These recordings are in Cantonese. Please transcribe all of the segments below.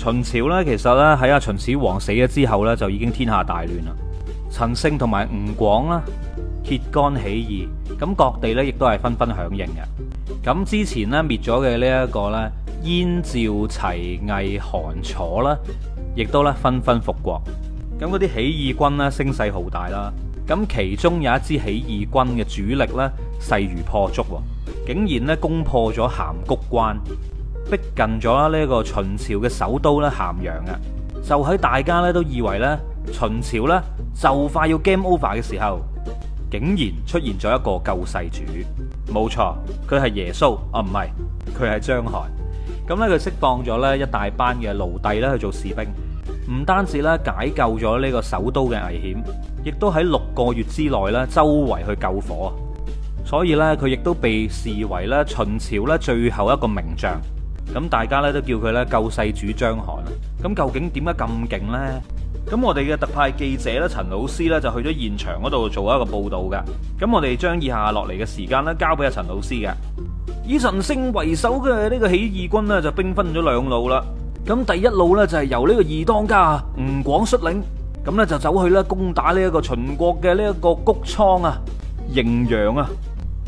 秦朝咧，其實咧喺阿秦始皇死咗之後咧，就已經天下大亂啦。陳勝同埋吳廣啦，揭竿起義，咁各地咧亦都係紛紛響應嘅。咁之前咧滅咗嘅呢一個咧，燕趙齊魏韓楚啦，亦都咧紛紛復國。咁嗰啲起義軍呢，聲勢浩大啦。咁其中有一支起義軍嘅主力咧，勢如破竹，竟然咧攻破咗函谷關。逼近咗呢個秦朝嘅首都咧咸陽嘅，就喺大家咧都以為呢秦朝呢就快要 game over 嘅時候，竟然出現咗一個救世主。冇錯，佢係耶穌啊，唔係，佢係章邯。咁呢，佢釋放咗呢一大班嘅奴隸咧去做士兵，唔單止咧解救咗呢個首都嘅危險，亦都喺六個月之內咧周圍去救火，所以呢，佢亦都被視為咧秦朝咧最後一個名將。咁大家咧都叫佢咧救世主張翰啊！咁究竟點解咁勁咧？咁我哋嘅特派記者咧陳老師咧就去咗現場嗰度做一個報道嘅。咁我哋將以下落嚟嘅時間咧交俾阿陳老師嘅。以陳勝為首嘅呢個起義軍咧就兵分咗兩路啦。咁第一路咧就係由呢個二當家啊吳廣率領，咁咧就走去咧攻打呢一個秦國嘅呢一個穀倉啊、滎陽啊。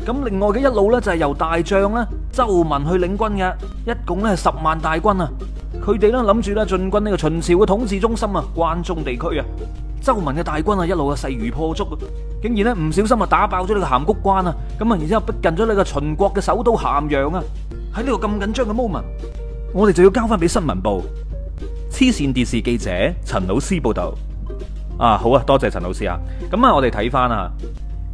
咁另外嘅一路咧就係由大將咧。周文去領軍嘅，一共咧係十萬大軍啊，佢哋咧諗住咧進軍呢個秦朝嘅統治中心啊，關中地區啊。周文嘅大軍啊，一路啊勢如破竹啊，竟然咧唔小心啊打爆咗呢個函谷關啊，咁啊，然之後逼近咗呢個秦國嘅首都咸陽啊。喺呢個咁緊張嘅 moment，我哋就要交翻俾新聞部，黐線電視記者陳老師報道。啊，好啊，多謝陳老師啊。咁啊，我哋睇翻啊。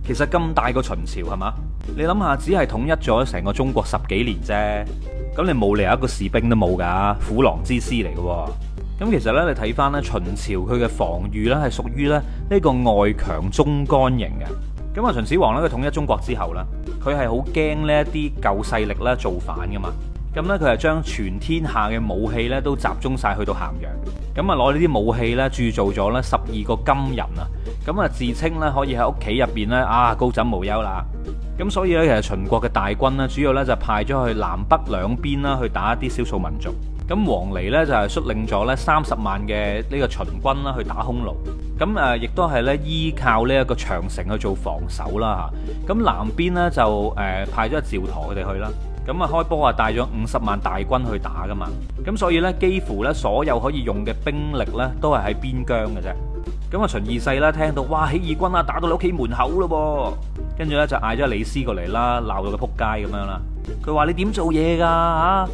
其實咁大個秦朝係嘛？你諗下，只係統一咗成個中國十幾年啫。咁你冇理由一個士兵都冇噶，虎狼之師嚟噶。咁其實呢，你睇翻咧秦朝佢嘅防禦呢係屬於咧呢個外強中乾型嘅。咁啊，秦始皇呢，佢統一中國之後呢，佢係好驚呢一啲舊勢力呢造反噶嘛。咁呢，佢係將全天下嘅武器呢都集中晒去到咸陽。咁啊，攞呢啲武器呢，鑄造咗呢十二個金人啊。咁啊，自稱咧，可以喺屋企入邊咧啊，高枕無憂啦。咁所以咧，其實秦國嘅大軍呢主要咧就派咗去南北兩邊啦，去打一啲少數民族。咁王離呢就係率領咗咧三十萬嘅呢個秦軍啦，去打匈奴。咁誒，亦都係咧依靠呢一個長城去做防守啦嚇。咁南邊呢，就誒派咗趙佗佢哋去啦。咁啊，開波啊帶咗五十萬大軍去打噶嘛。咁所以呢，幾乎呢所有可以用嘅兵力呢都係喺邊疆嘅啫。咁啊，秦二世啦，聽到哇，起義軍啦，打到你屋企門口啦噃，跟住咧就嗌咗李斯過嚟啦，鬧到佢撲街咁樣啦。佢話：你點做嘢㗎？嚇，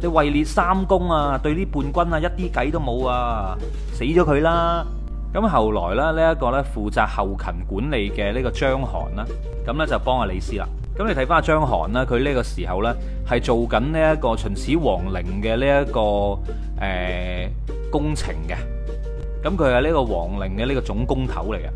你位列三公啊，對呢叛軍啊一啲計都冇啊，死咗佢啦！咁後來啦，呢一個咧負責後勤管理嘅呢個章邯啦，咁咧就幫阿李斯啦。咁你睇翻阿章邯啦，佢呢個時候咧係做緊呢一個秦始皇陵嘅呢一個誒工程嘅。咁佢係呢個王陵嘅呢個總工頭嚟嘅。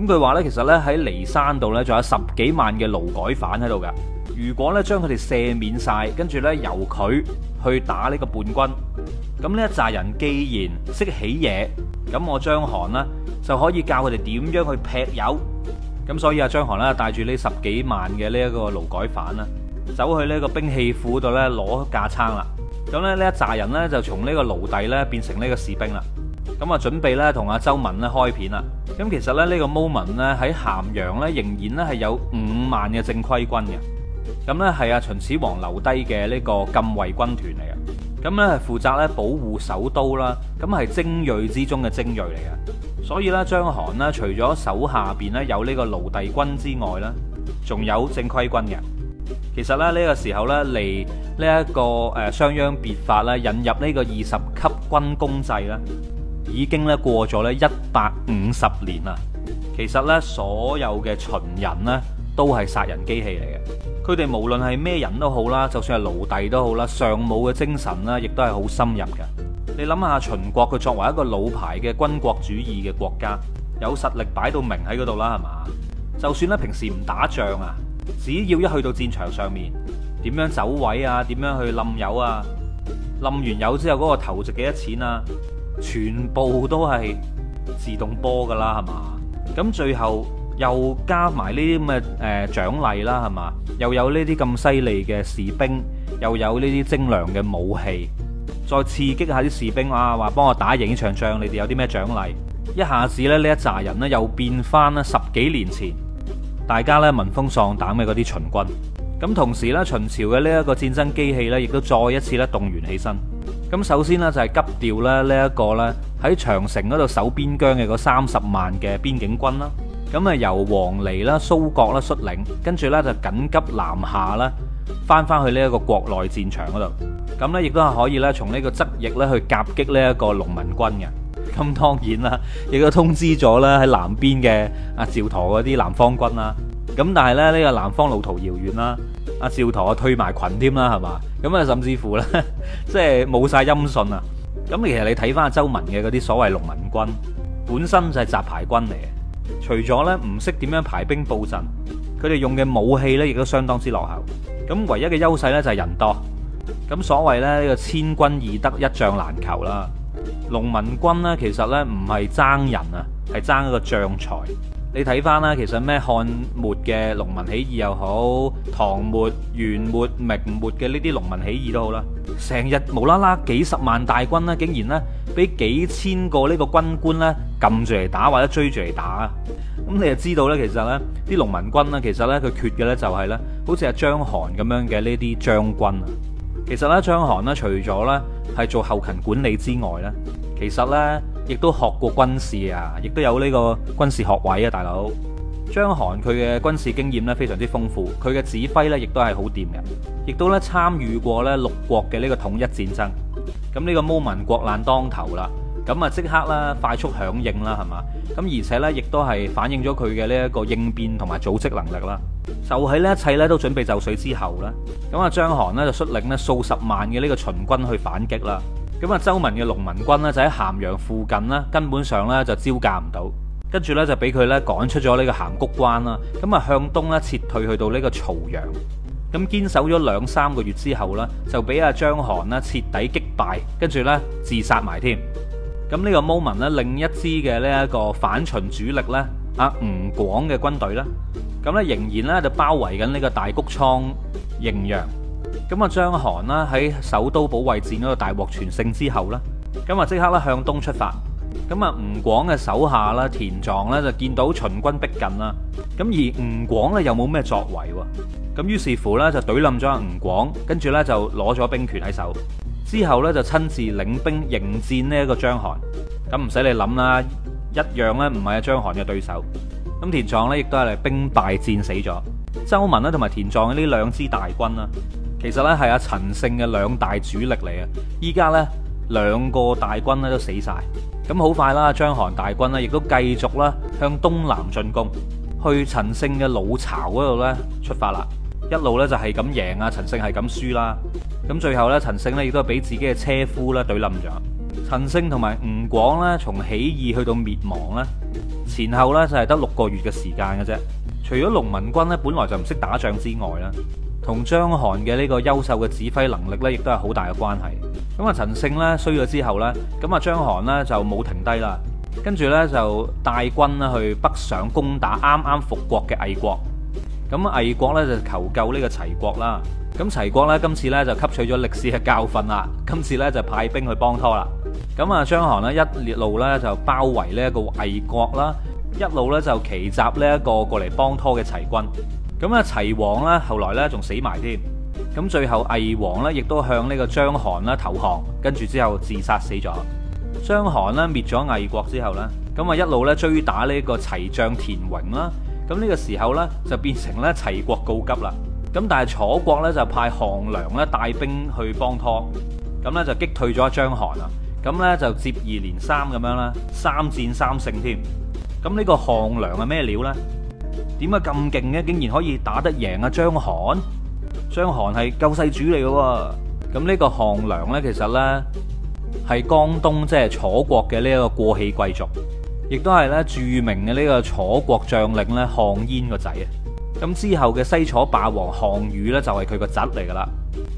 咁佢話呢，其實呢喺驪山度呢，仲有十幾萬嘅勞改犯喺度噶。如果呢將佢哋赦免晒，跟住呢由佢去打呢個叛軍。咁呢一扎人既然識起嘢，咁我張韓呢就可以教佢哋點樣去劈油。咁所以阿張韓呢帶住呢十幾萬嘅呢一個勞改犯呢，走去呢個兵器庫度呢攞架撐啦。咁咧呢一扎人呢，就從呢個奴隸呢變成呢個士兵啦。咁啊，準備咧同阿周文咧開片啦。咁其實咧，呢個 moment 呢喺咸陽呢，仍然呢係有五萬嘅正規軍嘅。咁呢係阿秦始皇留低嘅呢個禁衛軍團嚟嘅。咁呢係負責呢保護首都啦，咁係精鋭之中嘅精鋭嚟嘅。所以呢，章邯呢除咗手下邊呢有呢個奴隸軍之外呢，仲有正規軍嘅。其實呢，呢個時候呢，嚟呢一個誒商鞅變法啦，引入呢個二十級軍功制啦。已經咧過咗咧一百五十年啦。其實呢，所有嘅秦人呢，都係殺人機器嚟嘅。佢哋無論係咩人都好啦，就算係奴隸都好啦，尚武嘅精神咧，亦都係好深入嘅。你諗下，秦國佢作為一個老牌嘅軍國主義嘅國家，有實力擺到明喺嗰度啦，係嘛？就算呢平時唔打仗啊，只要一去到戰場上面，點樣走位啊，點樣去冧油啊，冧完油之後嗰個頭值幾多錢啊？全部都係自動波噶啦，係嘛？咁最後又加埋呢啲咁嘅誒獎勵啦，係、呃、嘛？又有呢啲咁犀利嘅士兵，又有呢啲精良嘅武器，再刺激下啲士兵啊！話幫我打贏場仗，你哋有啲咩獎勵？一下子咧，呢一紮人呢，又變翻咧十幾年前大家呢聞風喪膽嘅嗰啲秦軍。咁同時呢，秦朝嘅呢一個戰爭機器呢，亦都再一次咧動員起身。咁首先咧就係急調咧呢一個咧喺長城嗰度守邊疆嘅嗰三十萬嘅邊境軍啦，咁啊由王離啦、蘇國啦率領，跟住咧就緊急南下啦，返返去呢一個國內戰場嗰度，咁咧亦都係可以咧從呢個側翼咧去夾擊呢一個農民軍嘅。咁當然啦，亦都通知咗咧喺南邊嘅阿趙佗嗰啲南方軍啦。咁但係咧呢個南方路途遙遠啦。阿趙佗啊，退埋群添啦，係嘛？咁啊，甚至乎呢， 即係冇晒音訊啊！咁其實你睇翻阿周文嘅嗰啲所謂農民軍，本身就係雜牌軍嚟嘅。除咗呢唔識點樣排兵布陣，佢哋用嘅武器呢亦都相當之落後。咁唯一嘅優勢呢就係人多。咁所謂呢個千軍易得，一將難求啦。農民軍呢，其實呢唔係爭人啊，係爭一個將才。你睇翻啦，其實咩漢末嘅農民起義又好，唐末、元末、明末嘅呢啲農民起義都好啦，成日無啦啦幾十萬大軍咧，竟然呢俾幾千個呢個軍官呢撳住嚟打，或者追住嚟打。咁你就知道呢，其實呢啲農民軍呢，其實呢，佢缺嘅呢，就係呢，好似阿張韓咁樣嘅呢啲將軍啊。其實呢，張韓呢，除咗呢係做後勤管理之外呢，其實呢。亦都學過軍事啊，亦都有呢個軍事學位啊，大佬張韓佢嘅軍事經驗呢，非常之豐富，佢嘅指揮呢，亦都係好掂嘅，亦都呢參與過呢六國嘅呢個統一戰爭。咁呢個 moment 國難當頭啦，咁啊即刻啦快速響應啦，係嘛？咁而且呢，亦都係反映咗佢嘅呢一個應變同埋組織能力啦。就喺呢一切呢都準備就緒之後呢，咁啊張韓就率領呢數十萬嘅呢個秦軍去反擊啦。咁啊，周文嘅農民軍呢就喺咸陽附近呢根本上呢就招架唔到，跟住呢就俾佢呢趕出咗呢個函谷關啦。咁啊，向東呢撤退去到呢個曹陽，咁堅守咗兩三個月之後呢就俾阿章邯呢徹底擊敗，跟住呢自殺埋添。咁、這、呢個 moment 呢另一支嘅呢一個反秦主力呢阿吳廣嘅軍隊呢咁仍然呢就包圍緊呢個大谷倉滎陽。咁啊，張韓啦喺首都保衛戰嗰度大獲全勝之後啦，咁啊即刻啦向東出發。咁啊，吳廣嘅手下啦田壯呢就見到秦軍逼近啦。咁而吳廣呢，又冇咩作為喎。咁於是乎呢，就懟冧咗阿吳廣，跟住呢就攞咗兵權喺手之後呢就親自領兵迎戰呢一個張韓。咁唔使你諗啦，一樣呢唔係阿張韓嘅對手。咁田壯呢，亦都係嚟兵敗戰死咗。周文呢同埋田壯呢兩支大軍啦。其實咧係阿陳勝嘅兩大主力嚟嘅，依家呢兩個大軍咧都死晒，咁好快啦，章邯大軍呢亦都繼續啦向東南進攻，去陳勝嘅老巢嗰度呢出發啦，一路呢就係咁贏啊，陳勝係咁輸啦，咁最後呢陳勝呢亦都係俾自己嘅車夫呢懟冧咗，陳勝同埋吳廣呢從起義去到滅亡呢前後呢就係得六個月嘅時間嘅啫，除咗農民軍呢本來就唔識打仗之外啦同章邯嘅呢個優秀嘅指揮能力呢，亦都係好大嘅關係。咁啊，陳勝呢，衰咗之後呢，咁啊章邯呢，就冇停低啦，跟住呢，就帶軍啦去北上攻打啱啱復國嘅魏國。咁魏國呢，就求救呢個齊國啦。咁齊國呢，今次呢，就吸取咗歷史嘅教訓啦，今次呢，就派兵去幫拖啦。咁啊章邯呢，一路呢，就包圍呢一個魏國啦，一路呢，就奇襲呢一個過嚟幫拖嘅齊軍。咁啊，齊王啦，後來咧仲死埋添。咁最後魏王咧，亦都向呢個章邯啦投降，跟住之後自殺死咗。章邯呢，滅咗魏國之後呢，咁啊一路咧追打呢個齊將田榮啦。咁、這、呢個時候呢，就變成咧齊國告急啦。咁但係楚國咧就派項梁咧帶兵去幫拖，咁咧就擊退咗章邯啊。咁咧就接二連三咁樣啦，三戰三勝添。咁呢個項梁係咩料呢？點解咁勁呢？竟然可以打得贏啊！章邯，章邯係救世主嚟嘅，啊。咁呢個項梁呢，其實呢，係江東即係、就是、楚國嘅呢一個過氣貴族，亦都係呢著名嘅呢個楚國將領呢項燕個仔啊。咁之後嘅西楚霸王項羽呢，就係佢個侄嚟噶啦。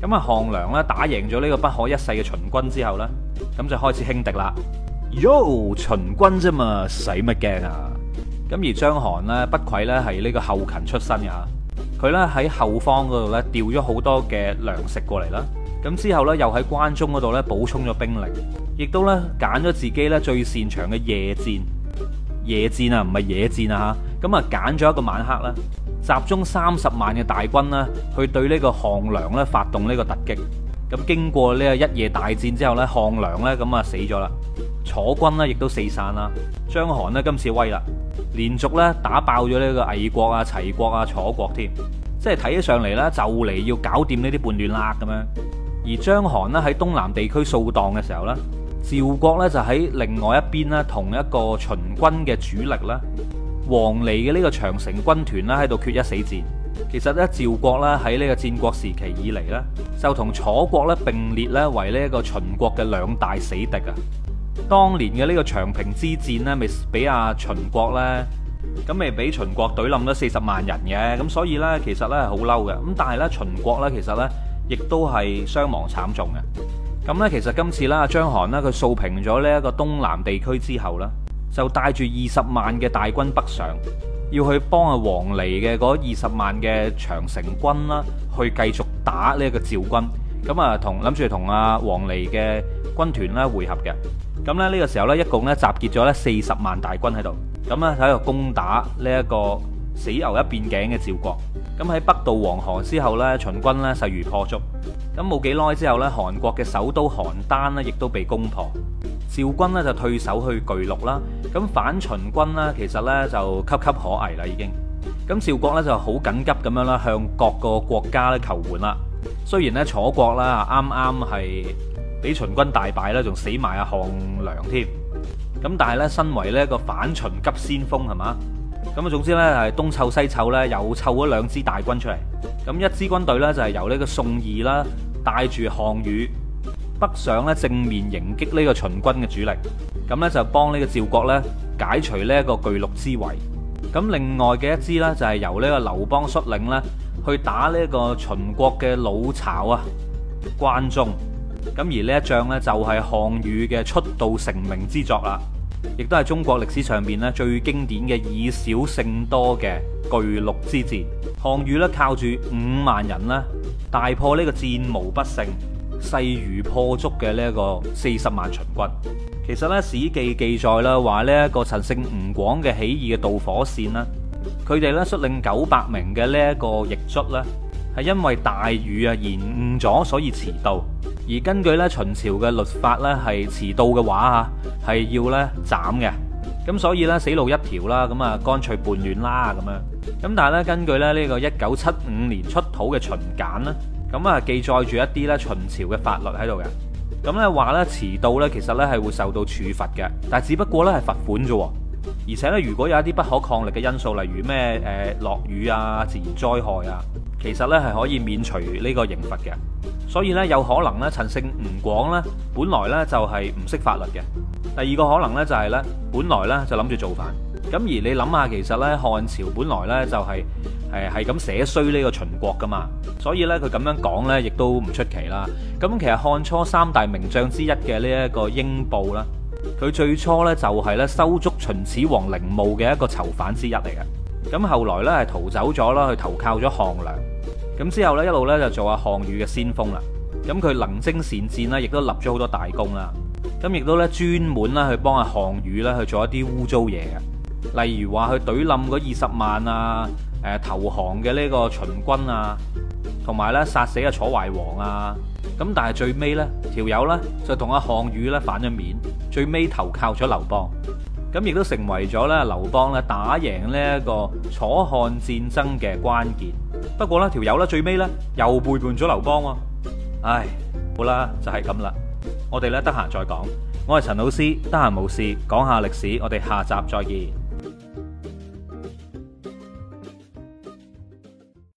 咁啊項梁呢，打贏咗呢個不可一世嘅秦軍之後呢，咁就開始輕敵啦。喲，秦軍啫嘛，使乜驚啊？咁而張邯呢，不愧呢係呢個後勤出身嘅㗎，佢呢喺後方嗰度呢，調咗好多嘅糧食過嚟啦，咁之後呢，又喺關中嗰度呢，補充咗兵力，亦都呢揀咗自己呢最擅長嘅夜戰，夜戰啊唔係野戰啊，咁啊揀咗一個晚黑啦，集中三十萬嘅大軍呢，去對呢個項梁呢發動呢個突擊，咁經過呢個一夜大戰之後呢，項梁呢，咁啊死咗啦。楚軍咧，亦都四散啦。章邯咧，今次威啦，連續咧打爆咗呢個魏國啊、齊國啊、楚國添，即係睇起上嚟咧，就嚟要搞掂呢啲叛亂啦咁樣。而章邯咧喺東南地區掃蕩嘅時候呢，趙國咧就喺另外一邊咧，同一個秦軍嘅主力咧，王離嘅呢個長城軍團啦，喺度決一死戰。其實咧，趙國咧喺呢個戰國時期以嚟呢，就同楚國咧並列咧為呢一個秦國嘅兩大死敵啊。當年嘅呢個長平之戰呢，咪俾阿秦國呢？咁咪俾秦國懟冧咗四十萬人嘅，咁所以呢，其實呢係好嬲嘅。咁但係呢，秦國呢，其實呢亦都係傷亡慘重嘅。咁、嗯、呢，其實今次啦，章邯呢，佢掃平咗呢一個東南地區之後呢，就帶住二十萬嘅大軍北上，要去幫阿王離嘅嗰二十萬嘅長城軍啦，去繼續打呢一個趙軍。咁、嗯、啊，同諗住同阿王離嘅。軍團啦，會合嘅，咁咧呢個時候咧，一共咧集結咗咧四十萬大軍喺度，咁咧喺度攻打呢一個死牛一邊頸嘅趙國，咁喺北渡黃河之後咧，秦軍咧勢如破竹，咁冇幾耐之後咧，韓國嘅首都邯鄲呢亦都被攻破，趙軍呢就退守去巨鹿啦，咁反秦軍呢，其實咧就岌岌可危啦已經，咁趙國呢就好緊急咁樣啦，向各個國家咧求援啦，雖然呢，楚國啦，啱啱係，俾秦軍大敗啦，仲死埋阿項梁添咁。但係咧，身為呢個反秦急先鋒係嘛咁啊。總之咧係東湊西湊咧，又湊咗兩支大軍出嚟。咁一支軍隊咧就係由呢個宋義啦帶住項羽北上咧，正面迎擊呢個秦軍嘅主力。咁咧就幫呢個趙國咧解除呢一個巨鹿之圍。咁另外嘅一支啦就係由呢個劉邦率領咧去打呢個秦國嘅老巢啊關中。咁而呢一仗呢，就係項羽嘅出道成名之作啦，亦都係中國歷史上面呢最經典嘅以少勝多嘅巨鹿之戰。項羽呢靠住五萬人咧，大破呢個戰無不勝、勢如破竹嘅呢一個四十萬秦軍。其實呢《史記》記載啦，話呢一個陳勝吳廣嘅起義嘅導火線啦，佢哋呢率領九百名嘅呢一個翼卒咧。係因為大雨啊，延誤咗，所以遲到。而根據咧秦朝嘅律法咧，係遲到嘅話啊，係要咧斬嘅。咁所以咧死路一條啦。咁啊，乾脆叛亂啦咁樣。咁但係咧，根據咧呢個一九七五年出土嘅秦簡咧，咁啊記載住一啲咧秦朝嘅法律喺度嘅。咁咧話咧遲到咧，其實咧係會受到處罰嘅，但係只不過咧係罰款啫。而且咧，如果有一啲不可抗力嘅因素，例如咩誒落雨啊、自然災害啊。其實咧係可以免除呢個刑罰嘅，所以咧有可能咧陳勝吳廣咧，本來咧就係唔識法律嘅。第二個可能咧就係咧，本來咧就諗住造反。咁而你諗下，其實咧漢朝本來咧就係誒係咁寫衰呢個秦國噶嘛，所以咧佢咁樣講咧亦都唔出奇啦。咁其實漢初三大名將之一嘅呢一個英布啦，佢最初咧就係咧修築秦始皇陵墓嘅一個囚犯之一嚟嘅。咁後來呢，係逃走咗啦，去投靠咗項梁。咁之後呢，一路呢，就做阿項羽嘅先鋒啦。咁佢能征善戰啦，亦都立咗好多大功啦。咁亦都呢，專門呢，去幫阿項羽呢，去做一啲污糟嘢，例如話去懟冧嗰二十萬啊，誒投降嘅呢個秦軍啊，同埋呢，殺死阿楚懷王啊。咁但係最尾呢，條友呢，就同阿項羽呢，反咗面，最尾投靠咗劉邦。咁亦都成為咗咧，劉邦咧打贏呢一個楚漢戰爭嘅關鍵。不過呢條友咧最尾咧又背叛咗劉邦喎。唉，好啦，就係咁啦。我哋咧得閒再講。我係陳老師，得閒冇事講下歷史。我哋下集再見。